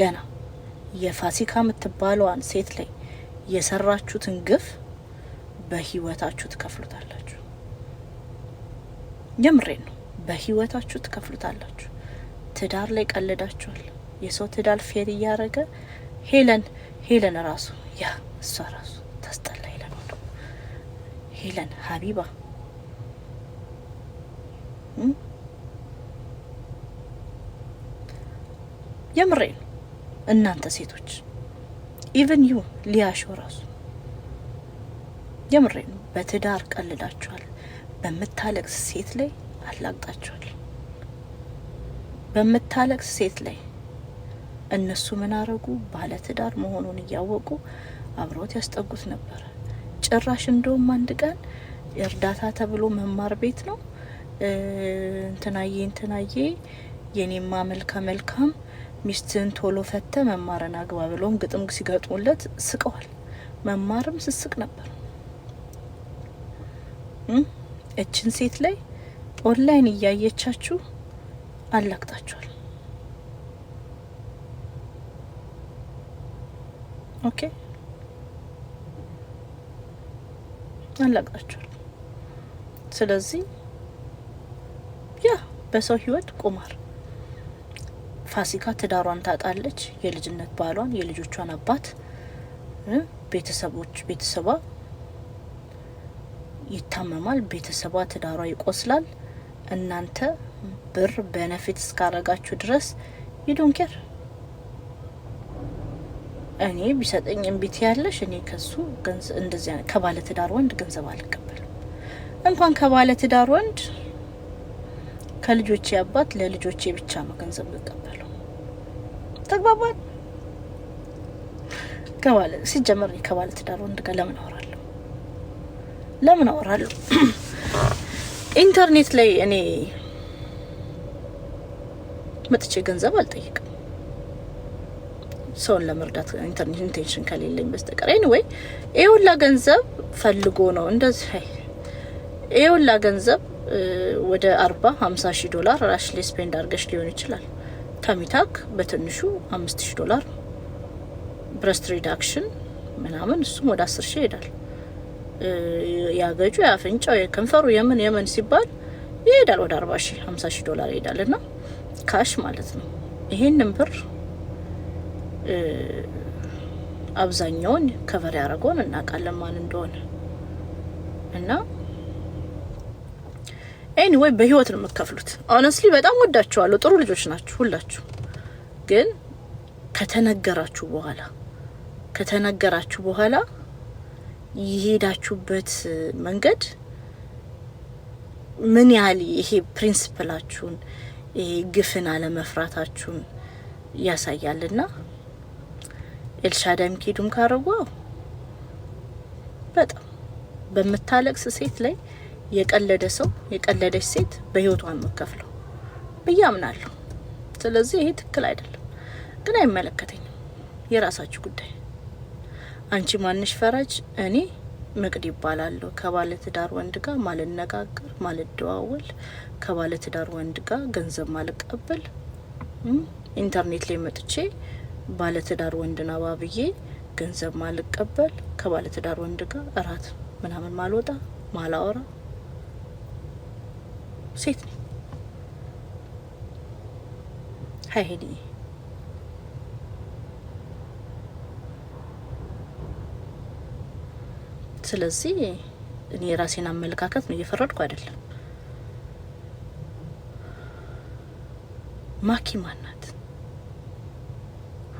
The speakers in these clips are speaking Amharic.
ገና የፋሲካ የምትባለዋን ሴት ላይ የሰራችሁትን ግፍ በህይወታችሁ ትከፍሉታላችሁ። የምሬን ነው። በህይወታችሁ ትከፍሉታላችሁ። ትዳር ላይ ቀልዳችኋል። የሰው ትዳር ፌር እያደረገ ሄለን ሄለን ራሱ ያ እሷ ራሱ ታስጠላ ሄለን ወደ ሄለን ሀቢባ የምሬን እናንተ ሴቶች ኢቨን ዩ ሊያሾ ራሱ የምሬ ነው። በትዳር ቀልዳችኋል። በምታለቅስ ሴት ላይ አላግጣችኋል። በምታለቅስ ሴት ላይ እነሱ ምን አረጉ? ባለ ትዳር መሆኑን እያወቁ አብረውት ያስጠጉት ነበረ። ጭራሽ እንደውም አንድ ቀን እርዳታ ተብሎ መማር ቤት ነው እንትናዬ እንትናዬ የኔማ መልካ መልካም ሚስትን ቶሎ ፈተ መማርን አግባ ብለውም ግጥም ሲገጥሙለት ስቀዋል። መማርም ስስቅ ነበር። እችን ሴት ላይ ኦንላይን እያየቻችሁ አላግጣችኋል። ኦኬ አላግጣችኋል። ስለዚህ ያ በሰው ህይወት ቁማር ፋሲካ ትዳሯን ታጣለች፣ የልጅነት ባሏን፣ የልጆቿን አባት፣ ቤተሰቦች ቤተሰቧ ይታመማል፣ ቤተሰቧ ትዳሯ ይቆስላል። እናንተ ብር በነፊት እስካረጋችሁ ድረስ ይዶንኬር እኔ ቢሰጠኝ እምቢት ያለሽ እኔ ከሱ እንደዚያ ከባለ ትዳር ወንድ ገንዘብ አልቀበልም። እንኳን ከባለ ትዳር ወንድ ከልጆቼ አባት ለልጆቼ ብቻ ነው ገንዘብ የምቀበለው። ተግባባል። ከባለ ሲጀመር ከባለ ትዳር ወንድ ጋር ለምን አወራለሁ? ለምን አወራለሁ? ኢንተርኔት ላይ እኔ መጥቼ ገንዘብ አልጠይቅም ሰውን ለመርዳት ኢንተርኔት ኢንቴንሽን ከሌለኝ በስተቀር ኤኒዌይ ይህ ሁላ ገንዘብ ፈልጎ ነው እንደዚህ ይህ ሁላ ገንዘብ ወደ አርባ ሀምሳ ሺህ ዶላር ራሽ ላይ ስፔንድ አድርገሽ ሊሆን ይችላል። ከሚታክ በትንሹ አምስት ሺህ ዶላር ብረስት ሪዳክሽን ምናምን እሱም ወደ አስር ሺህ ይሄዳል። ያገጩ የአፍንጫው የከንፈሩ የምን የምን ሲባል ይሄዳል ወደ አርባ ሺህ ሀምሳ ሺህ ዶላር ይሄዳል። እና ካሽ ማለት ነው። ይሄንን ብር አብዛኛውን ከቨር ያደረገውን እናውቃለን ማን እንደሆነ እና ኤኒዌይ በህይወት ነው የምከፍሉት። ኦነስትሊ በጣም ወዳችኋለሁ። ጥሩ ልጆች ናችሁ ሁላችሁ። ግን ከተነገራችሁ በኋላ ከተነገራችሁ በኋላ የሄዳችሁበት መንገድ ምን ያህል ይሄ ፕሪንስፕላችሁን ይሄ ግፍን አለመፍራታችሁን ያሳያልና ኤልሻዳይም ኪዱም ካረጓ በጣም በምታለቅስ ሴት ላይ የቀለደ ሰው የቀለደች ሴት በህይወቷን መከፍለው ብዬ አምናለሁ። ስለዚህ ይሄ ትክክል አይደለም፣ ግን አይመለከተኝም። የራሳችሁ ጉዳይ። አንቺ ማንሽ ፈራጅ፣ እኔ መቅድ ይባላለሁ። ከባለትዳር ወንድ ጋር ማልነጋገር፣ ማልደዋወል፣ ከባለትዳር ወንድ ጋር ገንዘብ ማልቀበል፣ ኢንተርኔት ላይ መጥቼ ባለ ትዳር ወንድ ናባብዬ ገንዘብ ማልቀበል፣ ከባለትዳር ወንድ ጋር እራት ምናምን ማልወጣ ማላወራ ሴት ነኝ። ሀይ ሄድዬ ስለዚህ እኔ የራሴን አመለካከት ነው፣ እየፈረድኩ አይደለም። ማኪ ማናት?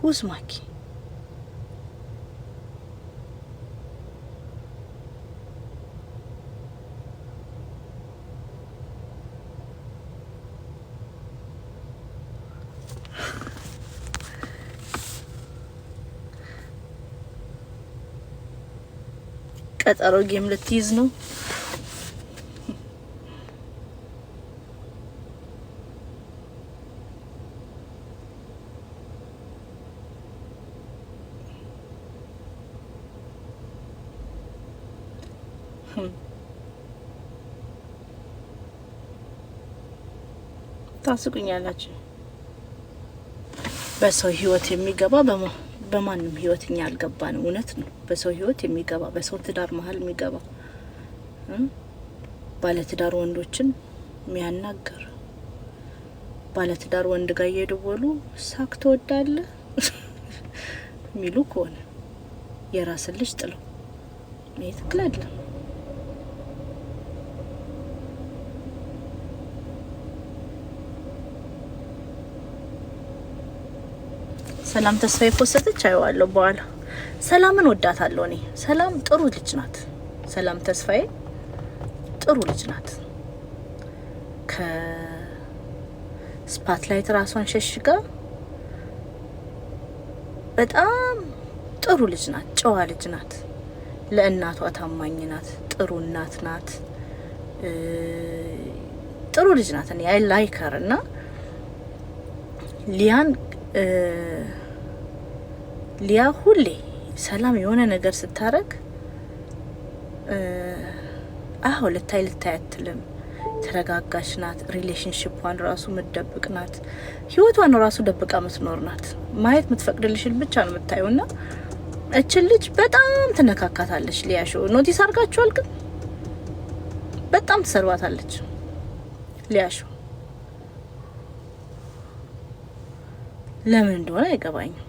ሁዝ ማኪ ቀጠሮ ጌም ልትይዝ ነው። hmm. ታስቁኛላችሁ። በሰው ህይወት የሚገባ በመሆን በማንም ህይወት እኛ ያልገባን እውነት ነው። በሰው ህይወት የሚገባ በሰው ትዳር መሀል የሚገባ ባለትዳር ወንዶችን የሚያናገር ባለትዳር ወንድ ጋር እየደወሉ ሳክ ትወዳለህ የሚሉ ከሆነ የራስን ልጅ ጥለው ይህ ትክክል አይደለም። ሰላም ተስፋዬ ፖስተች አየዋለሁ። በኋላ ሰላምን ወዳታለሁ እኔ። ሰላም ጥሩ ልጅ ናት። ሰላም ተስፋዬ ጥሩ ልጅ ናት። ከስፓትላይት ራሷን ሸሽጋ በጣም ጥሩ ልጅ ናት። ጨዋ ልጅ ናት። ለእናቷ ታማኝ ናት። ጥሩ እናት ናት። ጥሩ ልጅ ናት። እኔ አይ ላይክ እና ሊያን ሊያ ሁሌ ሰላም የሆነ ነገር ስታረግ አሁ ልታይ ልታይ አትልም። ተረጋጋሽ ናት። ሪሌሽንሽፑን ራሱ ምደብቅ ናት። ህይወቷን ራሱ ደብቃ ምትኖር ናት። ማየት ምትፈቅድልሽን ብቻ ነው የምታየው። ና እችን ልጅ በጣም ትነካካታለች። ሊያሾ ኖቲስ አድርጋችኋል? ግን በጣም ትሰርባታለች ሊያሾ። ለምን እንደሆነ አይገባኝም።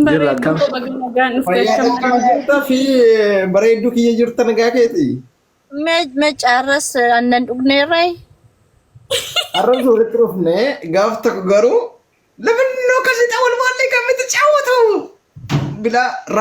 bareedduu kiyya jirta nagaa keeti. Maccaarras aannan dhugneerree. Arrabni walitti dhufne gaaf tokko garuu lafannoo akkasii wal maallee kan itti caawwatu bila